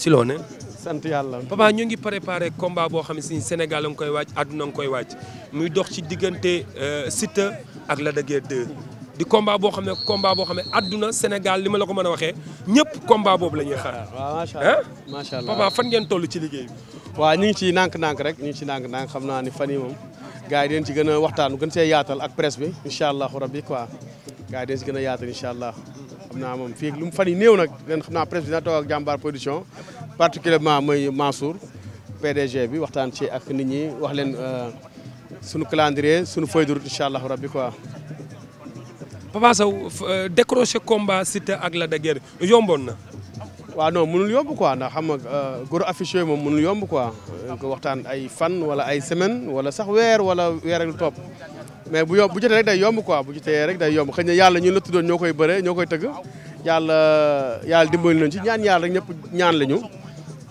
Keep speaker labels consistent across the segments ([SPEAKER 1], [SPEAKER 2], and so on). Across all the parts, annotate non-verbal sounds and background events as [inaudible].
[SPEAKER 1] si loo ne. sant yàlla papa ñu ngi préparé combat boo xam ne si Sénégal a ngi koy waaj àdduna nga koy waaj muy dox ci diggante euh, Siteu ak la de Guiers 2 di combat boo xam ne combat boo xam ne àdduna Sénégal li ma la ko mën a waxee ñëpp combat boobu la ñuy xaar. Ah, waaw macha allah macha allah papa fan ngeen toll ci liggéey bi.
[SPEAKER 2] waaw ñu ngi ciy nànk-nànk rek ñu ngi ciy nànk-nànk xam naa ni fan yi moom gars yi dañ ci gën a waxtaan gën see yaatal ak presse bi incha allah rabbi quoi. gars yi dañ si allah xam naa moom fii lu fan yi néew nag leen xam naa presse bi dina toog ak jàmbaar production particulièrement mooy Mansour PDG bi waxtaan ci ak nit ñi wax leen euh, suñu calendrier suñu feuille de route incha allah rabbi quoi. Papa
[SPEAKER 1] Sow euh, combat Siteu ak Lac de Guiers yomboon na. waaw non mënul yomb quoi ndax xam nga
[SPEAKER 2] euh, góor moom mënul yomb quoi. ko waxtaan ay fan wala ay semaine wala sax weer wala weer ak lu topp. mais bu yomb bu jotee rek day yomb quoi bu jotee rek day yomb xëy na yàlla ñun la tuddoon ñoo koy bëre ñoo koy tëgg yàlla dimbali nañ ci ñaan yàlla rek ñëpp ñaan lañu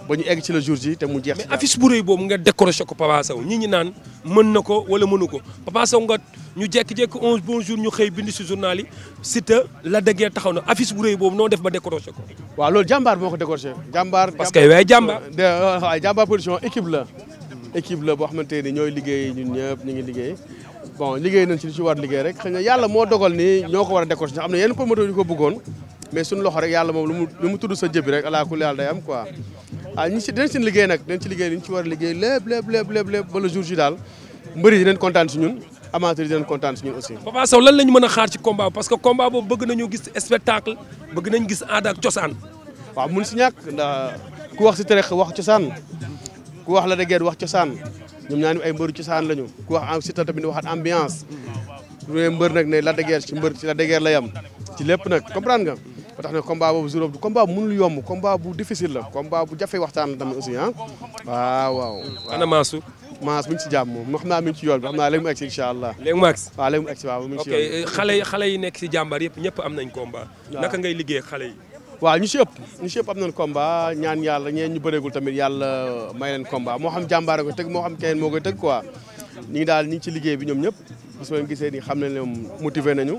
[SPEAKER 1] ba ñu egg ci la jour ji te mu jeex. mais affiche bu rëy boobu nga décroché ko Papa Sow ñi ñi naan mën na ko wala mënu ko Papa Sow nga ñu jékki-jékki onze bon jour ñu xëy bind si journal yi Siteu la déggee taxaw na affiche bu rëy boobu noo def ba décroché ko. waaw loolu jàmbaar moo ko décroché. parce que waaye jàmbaar.
[SPEAKER 2] de euh, waaye jàmbaar production équipe la. boo xamante ni ñooy liggéey ñun ñëpp ngi liggéey bon liggéey nañ ci li ci war liggéey rek xëy na yàlla moo dogal ni ñoo ko war a décoché ndax am na yenn promoteurs yu ko bëggoon mais suñu loxo rek yàlla moom lu mu lu mu tudd sa jëbi rek alaa kulli yàlla day am ah ñi si dinañ liggéey nag dinañ ci liggéey li ñu ci war a liggéey lépp lépp lépp lépp jour daal mbëri yi dinañ kontaan si ñun amateurs yi dinañ kontaan si ñun aussi
[SPEAKER 1] Papa Sow lan lañ mën a xaar ci combat parce que combat boobu bëgg nañu gis spectacle bëgg nañ gis aada ak cosaan waaw mun si ñàkk ndax ku
[SPEAKER 2] wax si tere wax cosaan ku wax la de guerre wax cosaan ñoom ñaar ay mbëru cosaan lañu ku wax Siteu tamit waxaat ambiance bu ne mbër nag ne la de Guiers ci mbër ci Lac de Guiers la yam ci lépp nag comprendre nga ba tax ne combat boobu juróom combat bu mënul yomb combat bu difficile la combat bu jafe waxtaan la tamit aussi ah waaw waaw ana Mansour Maas mi ci jàmm moom xam naa mi ngi ci yoon bi xam naa léegi mu egg si incha allah léegi mu egg si mu egg ci yoon ok xale yi
[SPEAKER 1] xale yi nekk si jàmbaar yëpp ñëpp am nañ combat naka ngay liggéey xale yi
[SPEAKER 2] waaw ñu si ëpp ñu si ëpp am nañ combat ñaan yàlla ñeen ñu bëreegul tamit yàlla may leen combat moo xam jàmbaare ko tëgg moo xam keneen moo koy tëgg quoi ñi ngi daal ñi ci liggéey bi ñoom ñëpp bis ma gisee ni xam nañ ne motivé nañu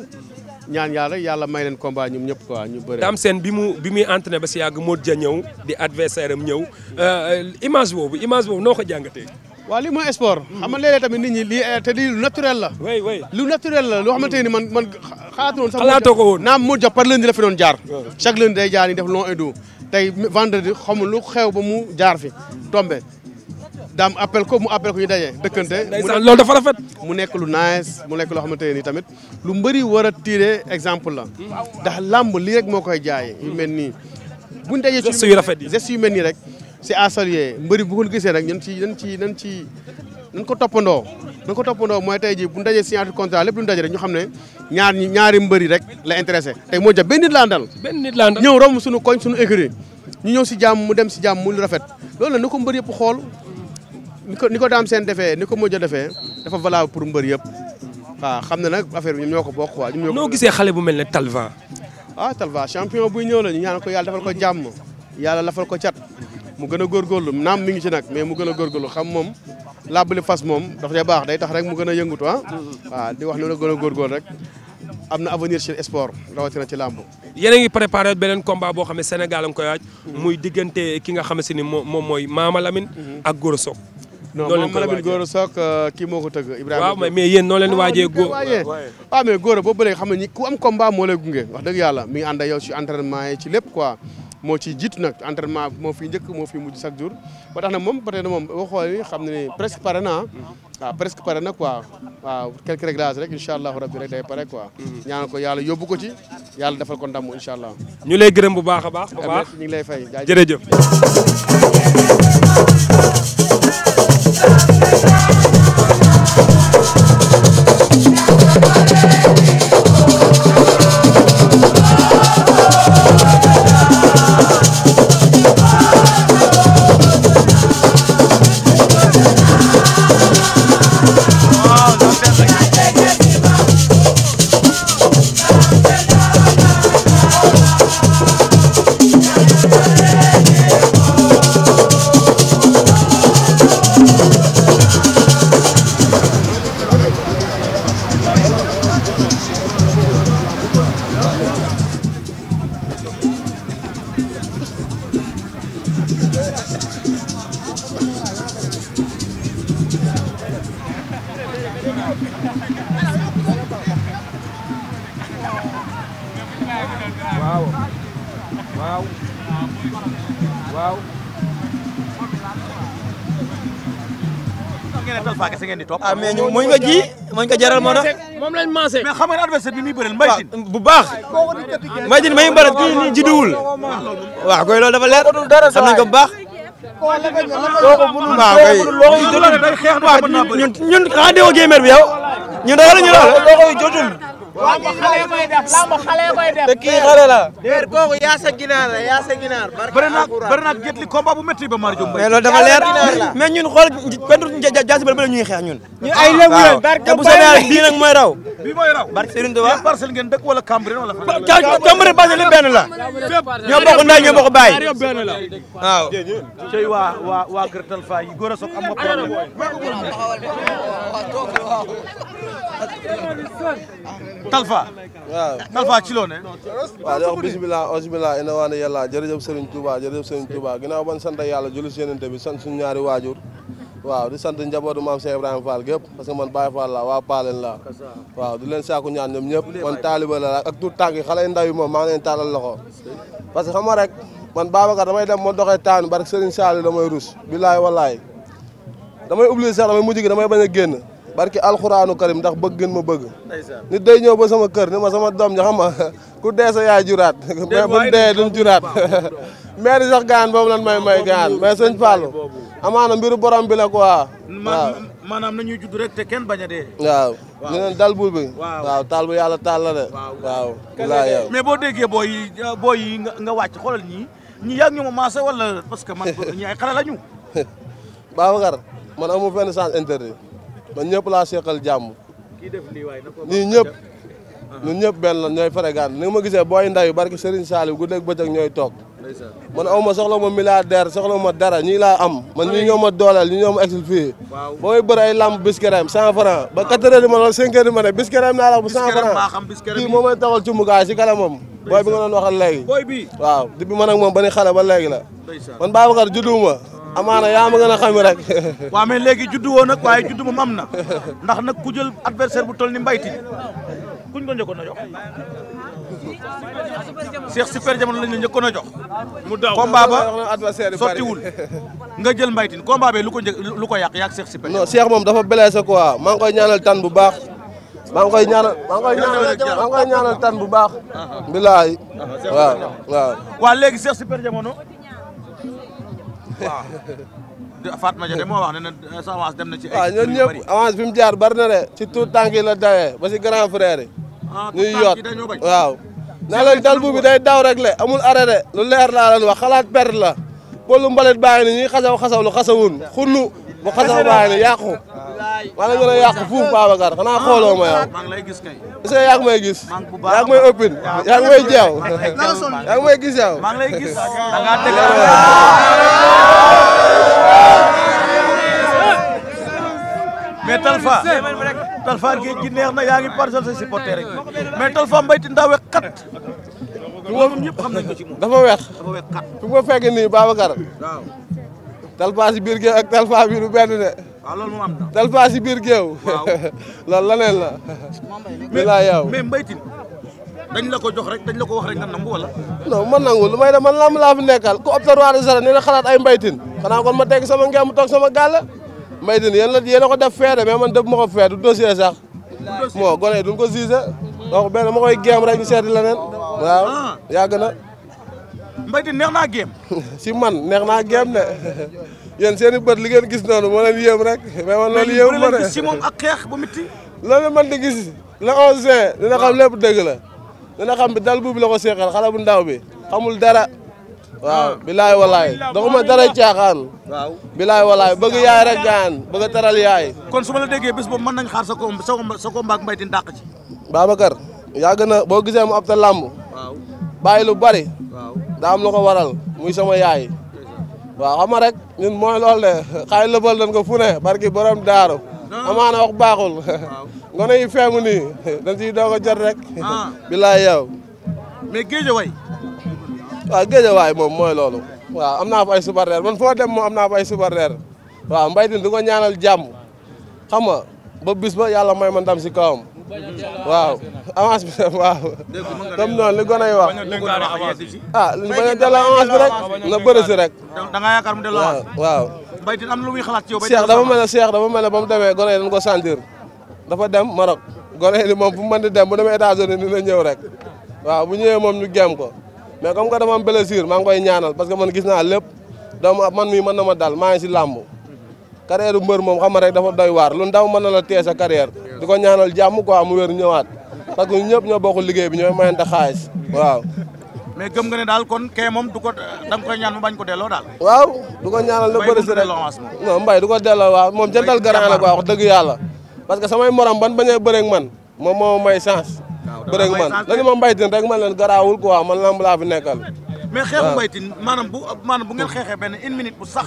[SPEAKER 2] ñaan yàlla yàlla
[SPEAKER 1] may leen combat ñoom ñëpp quoi ñu bëri. Dame Sène bi mu bi muy entraîné ba si yàgg Modou Dia ñëw di adversaire am ñëw euh, image boobu image boobu noo ko jàngatee. waaw lii mooy sport xam nga tamit nit ñi
[SPEAKER 2] lii eh, te lii lu naturel la lu naturel la loo xamante ni man man xalaatu sax xalaatoo ko woon naam moo jàpp par lundi la fi doon jaar chaque lundi day jaar ni def long indo tey vendredi xamul lu xew ba mu jaar fi tombe daam appel ko mu appel ko ñu daje dëkkante loolu dafa rafet mu nekk lu nice mu nekk loo xamante ni tamit lu mbëri war a tiré exemple la ndax làmb lii rek moo koy jaay yu mel nii buñ dajee ci geste yu rafet yi geste yu mel nii rek c'est à saluer mbëri bu ko gisee rek ñun ci nañ ci nañ ci nañ ko toppandoo nañ ko toppandoo mooy tey ji bu ñu dajee signature contrat lépp lu ñu dajee rek ñu xam ne ñaar ñi ñaari mbëri rek la intéressé tey moo jàpp benn nit la àndal benn nit la àndal ñëw romb suñu koñ suñu écurie ñu ñëw si jàmm mu dem si jàmm mu lu rafet loolu nag na ko mbër yëpp xool ni ko ni ko daam seen defee ni ko mujj a defee dafa valable pour mbër yëpp waaw xam ne nag affaire bi ñoom ñoo ko bokk quoi ñoom ñoo ko noo gisee xale
[SPEAKER 1] bu mel ne Talva
[SPEAKER 2] ah Talva champion buy ñëw la ñu ñaan ko yàlla defal ko jàmm yàlla lafal ko cat mu gën a góorgóorlu naam mi ngi ci nag mais mu gën a góorgóorlu xam moom làbbali fas moom dafa dee baax day tax rek mu gën a yëngutu ah di wax ne la gën a góorgóorlu rek am na avenir ci sport ci làmb
[SPEAKER 1] yéen a ngi beneen combat boo xam ne Sénégal a ngi muy diggante ki nga xam si ni moom mooy Mama Lamine mhm. ak Gora Sock non Mama Lamine Gora
[SPEAKER 2] Sock euh, kii moo ko tëgg Ibrahima waaw mais yéen noo leen ah, waajee góor waaw ah, mais Gora boobu ba léegi xam ne ñi ku am combat moo lay gunge wax dëgg yàlla mi ngi ànd ak yow ci entraînement yi ci lépp quoi moo ciy jiitu nag entraînement moo fi njëkk moo fi mujj chaque jour ba tax na moom peut-être moom boo xoolee xam ne presque pare na waaw presque pare na quoi waaw quelques réglages rek incha allahu rabbi rek day pare quoi ñaanal ko yàlla yóbbu ko ci
[SPEAKER 1] yàlla defal ko ndam incha allah ñu lay gërëm bu baax a baax bu baax ñu ngi lay fay jërëjëf
[SPEAKER 3] ngeen di topp. ah mais ñu muñ ko ji muñ ko jaral moo tax. moom lañ maasee. mais xam nga adversaire bi muy bëreel mbaytin ah, bu baax mbaytin may bëre kii nii judduwul. waaw koy loolu dafa leer xam nañ ko bu baax.
[SPEAKER 2] waaw
[SPEAKER 4] kay
[SPEAKER 3] waaw ñun ñun xanaa déggoo gémère bi yow ñun da ñu lool. lamb xale koy def lamb xale koy def. te kii xale la. déer kooku yaa sa ginaar la yaa sa ginaar. bëri na bëri na jëtli combat bu métti ba Mario Mbaye. mais loolu dafa leer mais ñun xool benn jaasi ba la ñuy xeex ñun. ñu ay lébu lañ barke bu soobee yàlla bii nag mooy raw. bii mooy raw barke Serigne Touba. parcelle ngeen dëkk wala Cambérène
[SPEAKER 5] wala.
[SPEAKER 4] Cambérène parcelle benn la.
[SPEAKER 3] ñoo bokk ndey ñoo bokk baay. waaw. cey waa waa waa Gertal Faye yi góor a soog am nga problème.
[SPEAKER 4] Talfa. waaw Talfa ci loo ne. waaw di wax bisimilah bisimilah ina waane yàlla jërëjëf Serigne Touba jërëjëf Serigne Touba ginnaaw ban sant yàlla julli si yonente bi sant suñu ñaari waajur. maam Cheikh Ibrahima Fall gépp parce man Baye Fall la waa Palen la waaw di leen saaku ñaan ñoom ñëpp man taaliba la ak tout tànk yi xale ndaw que xam nga rek man Babacar damay dem ma doxee taan barke Serigne Saliou damay rus bilaay walaay damay oublier sax damay mujj gi damay a génn barki alxuraanu karim ndax bëgg ma bëgg. nit day ñëw ba sama kër ni ma sama doom ja xam ku dee yaay juraat. mais bu dee duñ juraat. [laughs] maire sax gaan boobu lan may may gaan mais sëñ Fallou. amaana mbiru borom bi la quoi. waaw
[SPEAKER 3] maanaam na ñuy judd rek te kenn bañ
[SPEAKER 4] a dee. waaw ñu yàlla taal la de. waaw yow boo déggee booy yi nga wàcc xoolal ñii ñii yàgg ñu ma maase wala parce que man [laughs] ñi ay xale la ñu. [laughs] Babacar ba ñëpp laa seqal jàmm
[SPEAKER 3] ñii ñëpp ñun ñëpp
[SPEAKER 4] benn la ñooy Ferengane ni nga ma gisee booy ndayu barki Serigne Saliou guddeeg bëccëg ñooy toog man aw ma soxla ma milliardaire soxla ma dara ñii laa am man ñii ñoo ma dooleel ñi ñoo ma exil fii ba may bëri ay lamb biskereem cent franc ba quatre heures di ma lool cinq heures di ma ne biskereem naa la bu cent franc kii moo may taxal ci mukaay si kanamam booy bi nga doon waxal léegi waaw depuis man ak moom ba ni xale ba léegi la man Babacar judduuma amaana yaa ma gën a xam rek. [laughs] waaw mais léegi juddu woo nag waaye juddu moom am na
[SPEAKER 3] ndax nag ku jël adversaire bu toll ni mbayti kuñ ko njëkkoon a jox. Cheikh Super Jamono lañ la njëkkoon a jox. mu daw combat ba sottiwul nga jël mbaytin combat bi lu ko njëkk lu ko yàq yàq Cheikh Super. non
[SPEAKER 4] Cheikh moom dafa blessé quoi maa ngi koy ñaanal tan bu baax. maa ngi koy ñaanal
[SPEAKER 3] maa tan
[SPEAKER 4] bu baax. Ah, ah. bilaay waaw waaw.
[SPEAKER 3] waa léegi Cheikh per Jamono. waaw Fatma Dia moo wax ne euh, sa avance dem na ci. ay
[SPEAKER 4] waaw bi mu jaar bari na de. ci tout tànk yi la dawee ba si grand frère yi. Ah, ñuy waaw. na leen dal bu bi day daw le amul arrêté lu leer laa leen wax xalaat perte la. pëlu mbalit bàyyi na ñuy xasaw xasaw lu xasawun xunnu bu xasaw bàyyi na yàqu maa ngi gën a yàqu fuuf Babacar xanaa xooloo ma yow est-ce que yaa ngi may gis yaa ngi may ëppin yaa ngi may jeew yaa ngi may gis yow
[SPEAKER 1] mais
[SPEAKER 3] Talfa neex na yaa ngi parcelle sa supporter
[SPEAKER 4] loolu ñëpp xam nañ ko ci moom dafa weex dafa weex kat fi ma fekk nii Babacar waaw talfa si biir géew ak talfa bi du benn na talfa si biir géew [laughs] loolu la mi laa [laughs] yow mais mbaytin
[SPEAKER 3] dañ la ko jox rek dañ ko wax rek nga nangu wala
[SPEAKER 4] non man nangu lu may def man lamb laa fi nekkal ku observoir de sara ni na xalaat ay mbaytin xanaa kon ma teg sama ngeen mu toog sama gàll mbaytin yéen a ko def feede mais man def ma ko feede du dossier sax moo gone yi duñ ko jugé donc benn ma koy géem rek ñu seeti leneen waaw ah. yàgg na. Mbaye Tine neex naa géem. [laughs] si man neex naa géem ne [laughs] yéen seen i bët li ngeen gis noonu moo leen yéem rek. mais man loolu yéemu ma de si moom ak xeex bu métti. [laughs] loolu man di gis le 11 juin dina xam lépp dëgg la dina xam bi dal buubi la ko seexal xale bu ndaw bi xamul dara. waaw ah. bilaay walaay doxuma dara caaxaan. waaw bilaay walaay bëgg yaay rek gaan bëgg taral yaay.
[SPEAKER 3] kon su ma la déggee bés boobu mën nañ xaar sa ko sa ko sa ko mbaag Mbaye Tine dàq ci.
[SPEAKER 4] Babacar yàgg na boo gisee mu ab ta làmb bàyyi lu bari. daa lu ko waral muy sama yaay. waaw xam nga rek ñun mooy loolu de xaay lëbal dañ ko fu ne barki borom daaru amaana wax baaxul ngone [laughs] yi feemu nii dañ siy doog a jot rek ah. [laughs] bilaay yow mais géejawaay waaw géejawaay moom mooy loolu waaw am naa fa ay supporter man foo dem moom am naa fa ay supporter waaw Mbaye Tine di ñaanal jàmm xam ba bis ba yàlla may ma ndam si kawam waaw avance bi rek [laughs] waaw. comme noonu li gën a wax. ah a delloo rek. na bëri si rek. da nga yaakaar mu delloo avance. waaw Mbaye Tine am na lu muy xalaat dafa mel ne Cheikh dafa mel mu demee gone dañ ko sentir. dafa dem Maroc gone yi moom fu mu mën dem bu demee États-Unis dina ñëw rek. waaw bu ñëwee moom ñu gém ko. mais comme que dama am maa ngi koy ñaanal parce que man gis naa lépp dama man mii mën na ma dal maa ngi si làmb. carrière mbër moom xam nga rek dafa doy waar lu ndaw mën na la téye sa di ko ñaanal jàmm quoi mu wér ñëwaat parce que ñëpp ñoo bokk liggéey bi ñooy mayante xaalis waaw.
[SPEAKER 3] mais gëm nga ne daal kon kee moom du ko da nga koy ñaan mu bañ ko delloo daal.
[SPEAKER 4] waaw du ko ñaanal na bëri si rek non mbay du ko delloo waaw moom jantal garaan la quoi wax dëgg yàlla. parce que samay morom ban bañ a man moom moo may chance. bëreeg man dañu ma mbay rek man leen garaawul quoi man lamb laa fi nekkal.
[SPEAKER 3] mais xeexu Mbaye Tine maanaam bu maanaam bu ngeen xeexee minute bu sax.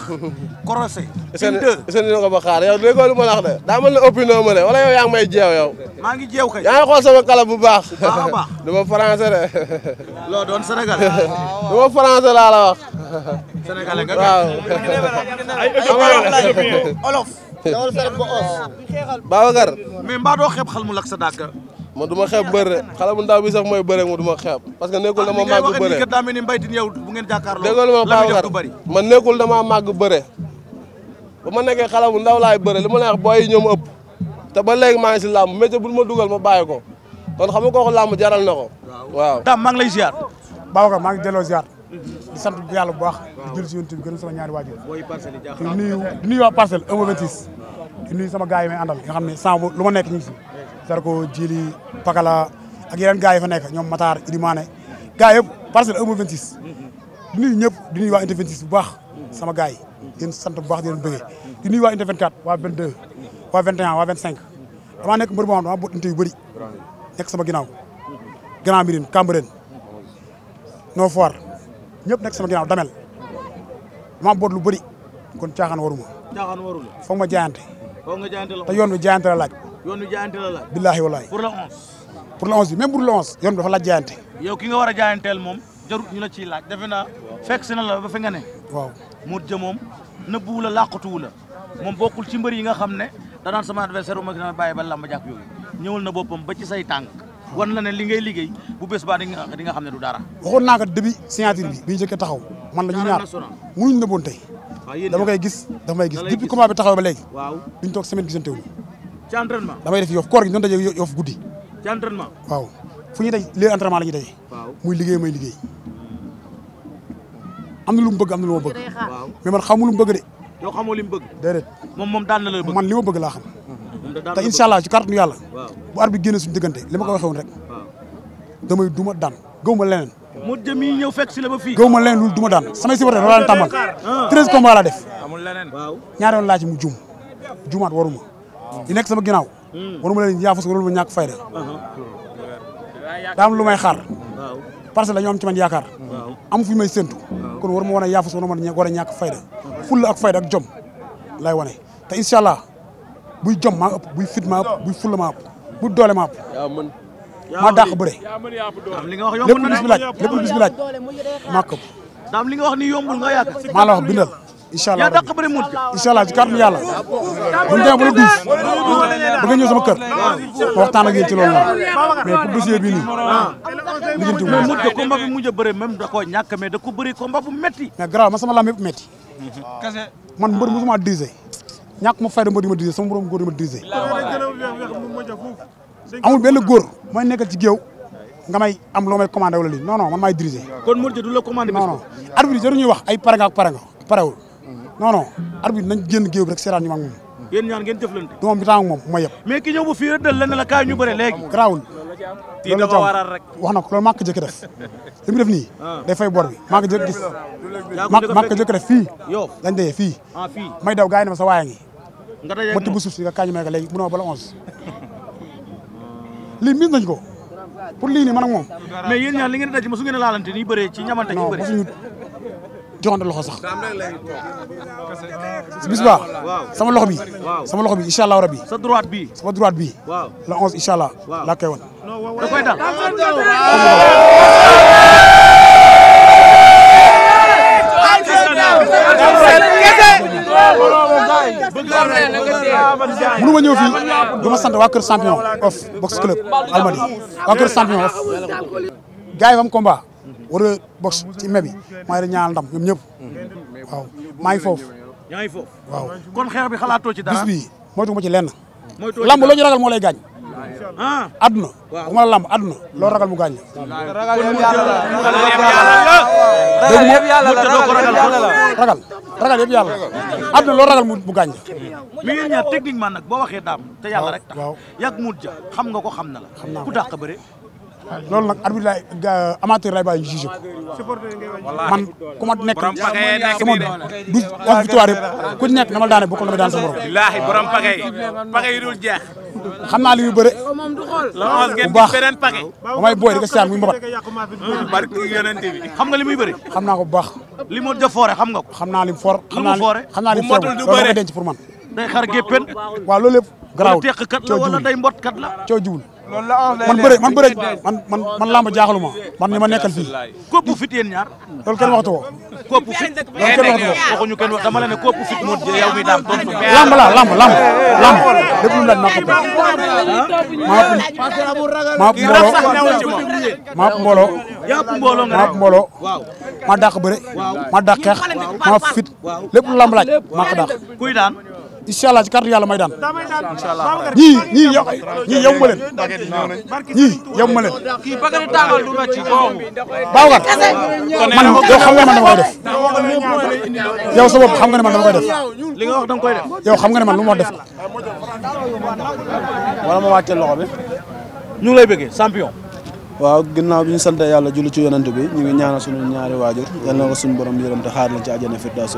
[SPEAKER 3] corosé
[SPEAKER 4] une deux est ce que ko ba xaar yow déggoo lu ma de. daa mel ne wala yow yaa ngi may jeew yow. maa ngi jeew kay. yaa bu baax. [laughs] bu [laughs] ma français de. [laughs] loo doon Sénégal. du ma français laa wax. sénégalais nga. ma du ma xeeb bëre xale bu ndaw bi sax mooy bëre ma du ma xeeb parce que nekkul dama màgg ah, bëre déggal ma Babacar ma nekkul dama ba ma nekkee xale bu ndaw laay bëre li ma la wax booy yi ñoom ëpp te ba léegi maa ngi si làmb métier bu ma dugal ma bàyyi ko xam nga kooku làmb jaral na ko waaw dam maa ngi
[SPEAKER 6] lay ziar Babacar maa ngi delloo ziar di sant bu bu baax di jël si sama ñaari waajur di nuyu di nuyu waa parcelle 1 sama gars yi may àndal xam ne sans lu ma nekk ñu si Zarko Djili Pakala ak yeneen gars yi fa nekk ñoom Matar Idimane gars yëpp parcelle amul 26. di nuyu ñëpp di nuyu waa Unité 26 bu baax sama gars yi di sant bu baax di leen bëggee di nuyu waa Unité 24 waa 22 waa 21 damaa nekk mbër boo xam damaa bot unité yu nekk sama ginnaaw Grand Mirine Cambérène Nord Foire ñëpp nekk sama ginnaaw Damel damaa bot lu bëri kon caaxaan waruma. caaxaan waruma foog ma jaayante.
[SPEAKER 3] foog nga yoon bi jaayante la laaj. yoon wi jaayante la laaj. billaahi wallaahi pour la 11.
[SPEAKER 6] pour la 11 bi même pour la 11. yoon bi dafa laaj jaayante.
[SPEAKER 3] yow ki nga war a jaayanteel moom jarut ñu la ciy laaj defe na fekk si la ba fi nga ne. waaw Modou Dia moom nëbbuwu la làqatuwu la moom bokkul ci mbër yi nga xam ne danaan sama adversaire bu ma gën a bàyyi ba làmb jàpp yooyu ñëwal na boppam ba ci say tànk. wan la ne li ngay liggéey bu bees baa di nga xam ne du dara.
[SPEAKER 6] waxoon naa ko début signature bi bi ñu njëkkee taxaw man la ñu ñaar tey dama koy gis koy gis depuis combat bi taxaw ba léegi duñ toog semaine gisante wuñu ci damay def yoof koor gi ñu doon daje yoof guddi ci entraînement waaw fu ñuy daj léegi entraînement la ñuy daje muy liggéey may liggéey am na lu mu bëgg am na lu ma bëgg mais man xamu lu mu bëgg de yow xamoo li mu moom daan na la bëgg man li ma bëgg laa xam te incha allah ci yàlla bu ar bi génne suñu diggante li ma ko waxee woon rek damay duma daan gëw ma leneen
[SPEAKER 3] mu jëm yi ñëw si la ba fii gëw ma
[SPEAKER 6] leneen loolu duma daan samay supporter dafa daan tàmbal
[SPEAKER 3] treize combats laa def
[SPEAKER 6] ñaari yoon laa ci mu juum juumaat waruma di nekk sama ginnaaw. waruma leen yaafus waruma ñàkk fayda. daa am lu may xaar. parce que dañoo am ci man yaakaar. am fu may séntu. kon waruma wane yaafus waruma war a ñàkk fayda. fulla ak fayda ak jom lay wane te incha allah buy jom maa ëpp buy fit maa ëpp buy fulla maa ëpp buy doole maa ëpp. maa dàq bëre. li nga wax yombul këpp. daam li nga la wax bindal. incha allah yaa dàq bëri muut incha allah ci bu ñu demee ba le douze ba nga ñëw sama kër ma waxtaan ak yéen ci loolu noonu mais pour dossier bi nii lijjanti mais muut de combat bi mujj a bëri même da koo ñàkk mais da ma sama lamb yëpp metti kese man mbër mosuma dirisé ñàkk ma fayda mbër di ma dirisé sama borom góor di ma dirisé amul benn góor mooy nekkal ci géew nga may am loo may commandé wala lii non non man kon muut du la commandé non wax ay pare nga pare nga parewul non non arbitre nañ génn géew bi rek seetaan ñu mag moom yéen ñaan ngeen jëflante du moom bi taang moom ma yëpp mais ki ñëw bu
[SPEAKER 3] fii rëddal la ne la kaay ñu bëre léegi garaawul tii dafa waral rek
[SPEAKER 6] wax na ko loolu màkk jëkk def li mu def nii ah. day fay bor bi màkk jëkk gis màkk jëkk def fii dañ dee ah, fii may daw gaay ne ma sa waaya ngi ma tibb suuf si nga kaay ñu may ko léegi mu ne ma bala onze lii mis nañ ko pour lii nii man ak moom
[SPEAKER 3] mais yéen ñaan li ngeen daj mosu ngeen laalante nii bëree ci ñamante ñu bëree joxante loxo sax
[SPEAKER 6] bis sama loxo bi sama loxo bi incha allah sama droite bi la 11 incha allah laa koy ma ñëw fii du ma waa Kër champion of box club Almadi waa Kër champion of fam combat war a box ci me bi maa ngi ñaan ndam waaw maa ngi
[SPEAKER 3] yaa ngi foofu waaw kon xeex bi xalaatoo ci dara bis bi
[SPEAKER 6] moytu ma ci lenn lamb loo ñu ragal moo lay gaañ adduna bu ma la lamb adduna loo ragal mu gaañ la
[SPEAKER 2] ragal loo ragal
[SPEAKER 6] mu gaañ
[SPEAKER 1] la mais
[SPEAKER 3] yéen ñaar nag boo waxee daam te yàlla rek tax yàgg muut ja xam nga ko xam na la ku dàq bëre
[SPEAKER 6] loolu nag arbitre laay amateur lay bàyyi jugé ko man ku ma nekk sama du wax victoire yëpp ku ci nekk na ma daane bokkul na ma daan sa borom.
[SPEAKER 3] wallaahi borom pagay pagay dul jeex.
[SPEAKER 6] xam naa li muy bëre.
[SPEAKER 3] bu baax ba
[SPEAKER 6] may booy di ko seetaan muy mbabat. Hmm, barke yonente bi xam nga li muy bëri. xam naa ko bu baax. li mu def foore xam nga ko. xam naa li mu for. xam naa li xam naa li mu for loolu ma ko denc pour man. day xar géppen. waaw loolu yëpp. garaawul coo jiwul day teq kat la wala day mbot kat la coo jiwul. loolu la ah man bëre man bëre man man man làmb jaaxaluma man ni ma nekkal fii. kopp fit yéen ñaar. loolu kenn waxatu ko. kopp fit ko. waxuñu kenn la
[SPEAKER 3] ne kopp fit moo laaj maa ko bëgg.
[SPEAKER 6] maa ëpp maa ëpp mbooloo maa ëpp mbooloo maa dàq bëre maa dàq fit lépp lu làmb laaj maa ko dàq. kuy incha allah ci kàttu yàlla may daan ñii ñii yow ñii yow ma leen ñii yow ma leen. Babacar man
[SPEAKER 1] yow xam nga man dama
[SPEAKER 6] koy def yow sa bopp xam nga man dama koy def yow xam nga ne man lu ma def ko.
[SPEAKER 5] wala ma wàcceel loxo bi ñu ngi lay bëggee champion. waaw ginnaaw bi ñu sante yàlla julli ci yonent bi ñu ngi ñaanal suñu ñaari waajur yal na ko suñu borom yërëm te xaar leen ci àjjana firdawsi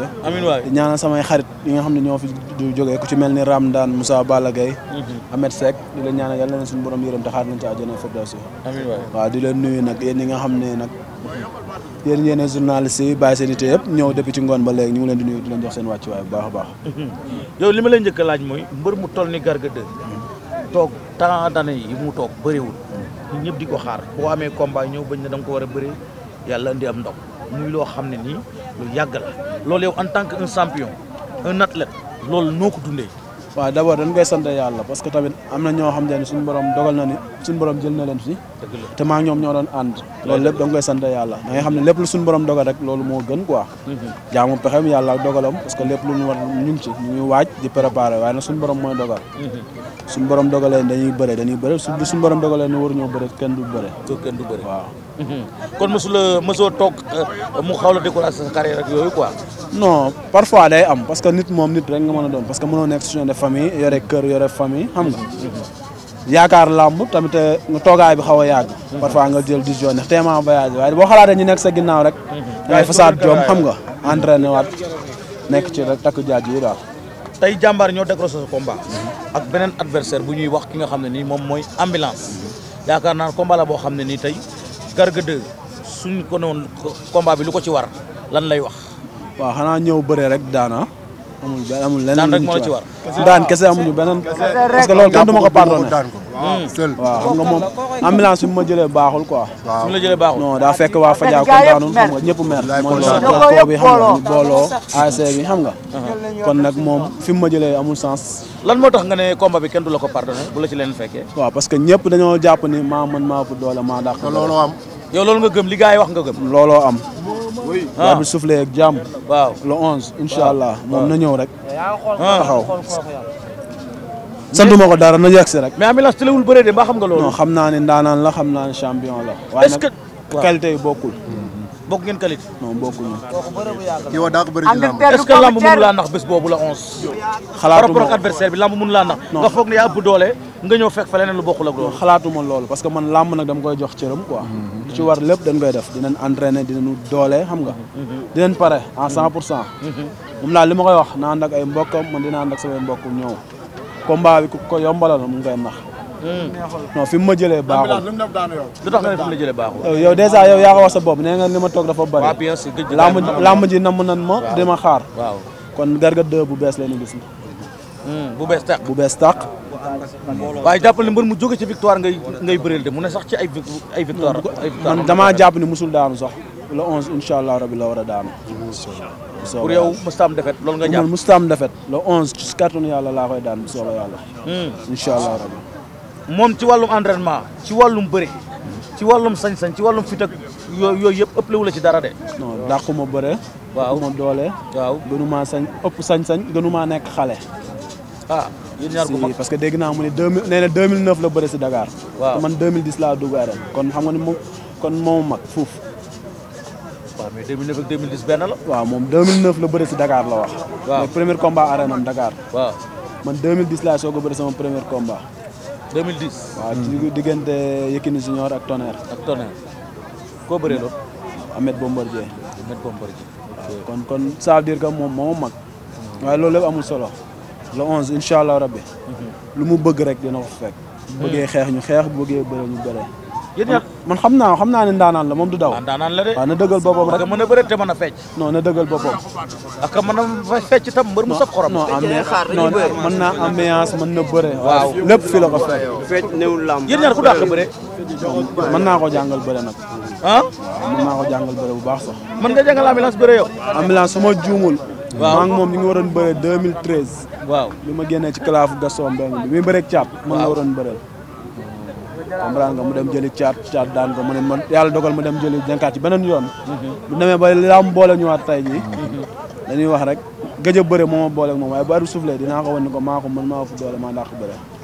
[SPEAKER 5] di ñaanal samay xarit yi nga xam ne ñoo fi jógee ku ci mel ni Ramdan Moussa Balla Gaye mhm. Ahmed Seck di leen ñaanal yal na leen suñu borom yërëm te xaar leen ci àjjana firdawsi amiin waay waaw di leen nuyu nag yéen ñi nga xam ne nag yéen yéen journaliste yi bàyyi seen ité yëpp ñëw depuis ci ngoon ba léegi ñu ngi leen di nuyu di leen jox seen
[SPEAKER 3] wàccuwaay bu baax a baax mhm. yow li ma leen njëkk laaj mooy mbër mu toll ni Garga 2 toog temps d'année yi mu toog bëriwul ñun ñëpp di ko xaar boo amee combat ñëw bañ na da ko war a bëree yàlla indi am ndox muy loo xam ne nii lu yàgg la loolu yow en tant que un champion un athlète loolu noo ko dundee.
[SPEAKER 5] waaw d' abord dañ yàlla parce que tamit am na ñoo xam ne suñu borom dogal na ni suñu borom jël na leen fi te maa ñoom ñoo doon ànd loolu lépp da nga koy sant yàlla da xam ne lépp lu suñu borom dogal rek loolu moo gën quoi jaamu pexem yàlla dogalam parce que lépp lu ñu war ci ñu ngi waaj di préparer waaye nag suñu borom mooy dogal suñu borom dogalee dañuy bëre dañuy bëre suñu borom dogalee ne waruñoo bëre kenn du bëre waaw
[SPEAKER 3] Mm-hmm. kon mosula euh, mosoo toog euh, mu xaw la découragé sa carrière ak yooyu quoi.
[SPEAKER 5] non parfois day am parce que nit moom nit rek nga mën a doon parce que mënoo nekk soutien de famille yore kër yore famille xam nga. Mm-hmm. tamit euh, nga toogaay bi xaw a yàgg. Mm-hmm. parfois nga jël décision ndax téeméer voyage waaye boo xalaatee ñu nekk sa ginnaaw rek.
[SPEAKER 3] ngay fasaat joom xam nga entraîné waat nekk ci rek takk jaaj yi daal. tey jàmbaar ñoo décroché sa combat. ak beneen adversaire bu ñuy wax ki nga xam ne nii moom mooy ambulance. yaakaar naa combat la boo xam ne nii tey. Garga 2 suñ ko noonu combat bi lu ko ci war lan lay wax.
[SPEAKER 5] waaw xanaa ñëw bëre rek daana amul benn amul leneen. daan rek moo la ci war daan kese amuñu beneen. parce que loolu kenn du ma ko pardonné seul waaw xam nga moom ambulance bi ma jëlee baaxul quoi su la jëlee baaxul non daa fekk waa Fadiaa kontaanul xam nga ñëpp mer mooy loolu bi xam nga ñu booloo ASC bi xam nga kon nag moom fi mu ma jëlee amul sens
[SPEAKER 3] lan moo tax nga ne combat bi kenn du la ko pardonné bu la ci leen fekkee
[SPEAKER 5] waaw parce que ñëpp dañoo jàpp ni maa mën maa ëpp doole maa dàq looloo
[SPEAKER 3] am yow loolu nga gëm li
[SPEAKER 5] gars yi wax nga gëm looloo am waa bi soufflé ak jàmm waaw le 11 incha allah moom na ñëw rek taxaw santuma ko dara na yegg si rek. mais ambulance tëlewul bëree de ba xam nga loolu. non xam naa ne ndaanaan la xam naa ne champion la. est-ce que waaye nag qualité yi
[SPEAKER 3] bokkul. bokk ngeen qualité. non bokkuñu.
[SPEAKER 4] yow daa ko laa
[SPEAKER 3] nax bés boobu la 11. xalaatuma par rapport ak adversaire bi lamb mënu laa nax. nga
[SPEAKER 5] ñëw fekk fa loolu. xalaatuma loolu parce que man lamb nag dem koy jox cëram quoi. ci war lépp dañ koy def dinañ entraîner dinañu doole xam nga. dinañ pare en 100 pour cent. Mhm. moom daal li ma koy wax naa ànd ay mbokkam man dina ànd ak samay mbokk ñëw combat bi ku ko yombalal mu ngi koy nax. Hmm. non fi mu ma jële baaxul.
[SPEAKER 3] lu tax nga ne fi mu la jëlee baaxul. Euh, yow dèjà
[SPEAKER 5] yow yaa ko wax sa bopp nee nga li ma toog dafa bëri. waaw bien
[SPEAKER 3] sûr gëj naa ma làmb
[SPEAKER 5] nan ma di xaar. waaw kon Garga 2 bu bees leen gis na.
[SPEAKER 3] Hmm, bu bees tàq bu bees tàq. waaye jàpp ne mbër mu jóge ci victoire ngay ngay bëreel de mu ne sax ci ay ay victoire. man damaa jàpp ne
[SPEAKER 5] musul daanu sax. le 11 incha allah rabi la war a daanu. pour yow
[SPEAKER 3] mustaam defet loolu nga jàpp mustaam defet le 11 ci kàttanu yàlla laa koy daan bu soobee yàlla. Hmm. incha allah rabbi. moom ci wàllum entraînement ci wàllum bëri ci wàllum sañ-sañ ci wàllum fit ak yooyu yëpp ëpp lewu la ci dara de. non dàqu ma bëre. waaw ma doole. waaw gënu maa sañ
[SPEAKER 5] ëpp sañ-sañ gënu maa nekk xale. ah yéen ñaar ko parce que dégg naa mu ne deux mille nee na 2009 la bëre si Dakar. waaw man laa dugg arène kon xam nga ni moom kon moomu mag fuuf. mais
[SPEAKER 3] 2009 ak 2010 benn la.
[SPEAKER 5] waaw moom 2009 la bëri si Dakar la wax. waaw mais premier combat arène am dakaar waaw man 2010 laa soog a bëri sama premier combat.
[SPEAKER 3] 2010. waaw
[SPEAKER 5] ci diggante Yekini Junior ak Tonnerre. ak
[SPEAKER 3] Tonnerre koo bëree
[SPEAKER 5] lool. Ahmed Bombardier. kon kon ça diir dire que moom moo mag. waaye loolu lépp amul solo. le 11 incha rabbi. Mhm. lu mu bëgg rek dina ko fekk. bëggee xeex ñu xeex bu bëggee bëre ñu bëre. yéen man xam naa xam naa ne ndaanaan la moom du daw. waaw ah,
[SPEAKER 3] ndaanaan la de ah, na dëggal boppam rek. na bëre te mën a fecc. non na dëggal boppam. parce que mën na fecc tam mbër mu saf xorom. non non mën naa ambiance
[SPEAKER 5] mën na bëre. waaw lépp fi la ko fekk. fecc newul lamb yéen ñaar ku dàq bëre. mën naa ko jàngal bëre nag. ah mën naa ko jàngal bëre bu baax sax. mën nga jàngal ambulance bëre yow. ambulance su ma juumul. waaw maa ngi moom ñu ngi waroon bëre waaw li ma génnee ci calaafu Gaston Mbengue bi muy bëreeg Thiap. waaw mën na comprendre nga mu dem jëli caat caat daan ko mu ne man yàlla dogal mu dem jëli jànkaat ci beneen yoon mhm. bu demee ba laam boole ñëwaat tey jii dañuy wax rek gëj a bëre moo ma boole moom waaye bu aru suuflee dinaa ko wan ni ko maa ko mën maa ko fu doole maa dàq bëre